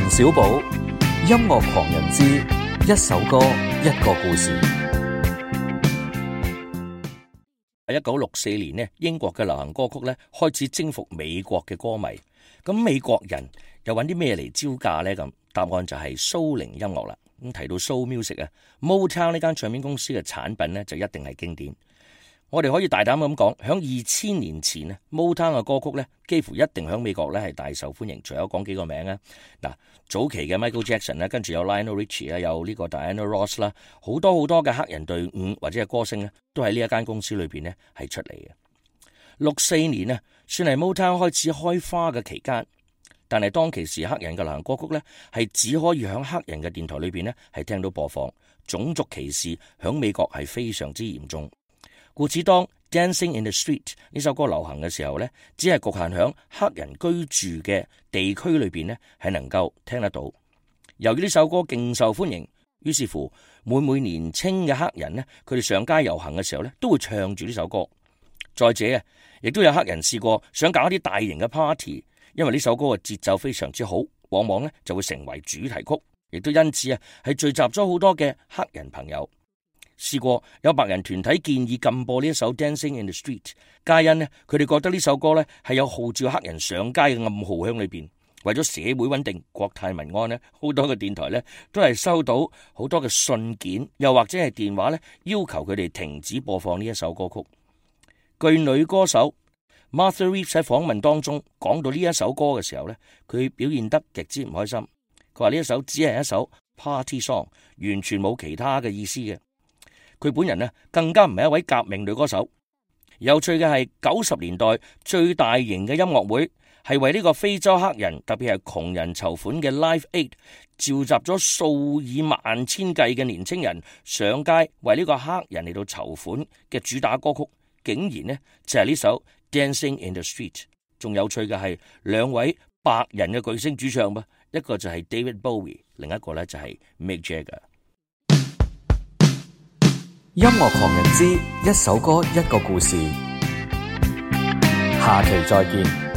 陳少寶，音樂狂人之一首歌一個故事。喺一九六四年咧，英國嘅流行歌曲咧開始征服美國嘅歌迷。咁美國人又揾啲咩嚟招架呢？咁答案就係騷靈音樂啦。咁提到 Soul Music 啊，Motown 呢間唱片公司嘅產品咧就一定係經典。我哋可以大膽咁講，響二千年前 Motown 嘅歌曲咧，幾乎一定響美國咧係大受歡迎。仲有講幾個名啊，嗱，早期嘅 Michael Jackson 啦，跟住有 Lionel Richie 啦，有呢個 Diana Ross 啦，好多好多嘅黑人隊伍或者係歌星咧，都喺呢一間公司裏邊咧係出嚟嘅。六四年呢算係 Motown 開始開花嘅期間，但係當其時黑人嘅流行歌曲咧，係只可以響黑人嘅電台裏邊咧係聽到播放，種族歧視響美國係非常之嚴重。故此，當《Dancing in the Street》呢首歌流行嘅時候呢，只係局限響黑人居住嘅地區裏邊呢，係能夠聽得到。由於呢首歌勁受歡迎，於是乎每每年青嘅黑人呢，佢哋上街遊行嘅時候呢，都會唱住呢首歌。再者啊，亦都有黑人試過想搞一啲大型嘅 party，因為呢首歌嘅節奏非常之好，往往呢就會成為主題曲。亦都因此啊，係聚集咗好多嘅黑人朋友。試過有白人團體建議禁播呢一首《Dancing in the Street》，皆因佢哋覺得呢首歌呢係有號召黑人上街嘅暗號裏面，響裏邊為咗社會穩定、國泰民安呢好多嘅電台呢都係收到好多嘅信件，又或者係電話呢要求佢哋停止播放呢一首歌曲。據女歌手 Martha Reeves 喺訪問當中講到呢一首歌嘅時候呢佢表現得極之唔開心。佢話呢一首只係一首 party song，完全冇其他嘅意思嘅。佢本人呢更加唔係一位革命女歌手。有趣嘅係九十年代最大型嘅音樂會，係為呢個非洲黑人特別係窮人籌款嘅 Live Aid，召集咗數以萬千計嘅年青人上街為呢個黑人嚟到籌款嘅主打歌曲，竟然呢就係、是、呢首 Dancing in the Street。仲有趣嘅係兩位白人嘅巨星主唱噃，一個就係 David Bowie，另一個咧就係 Mick Jagger 音樂狂人之一首歌一個故事，下期再見。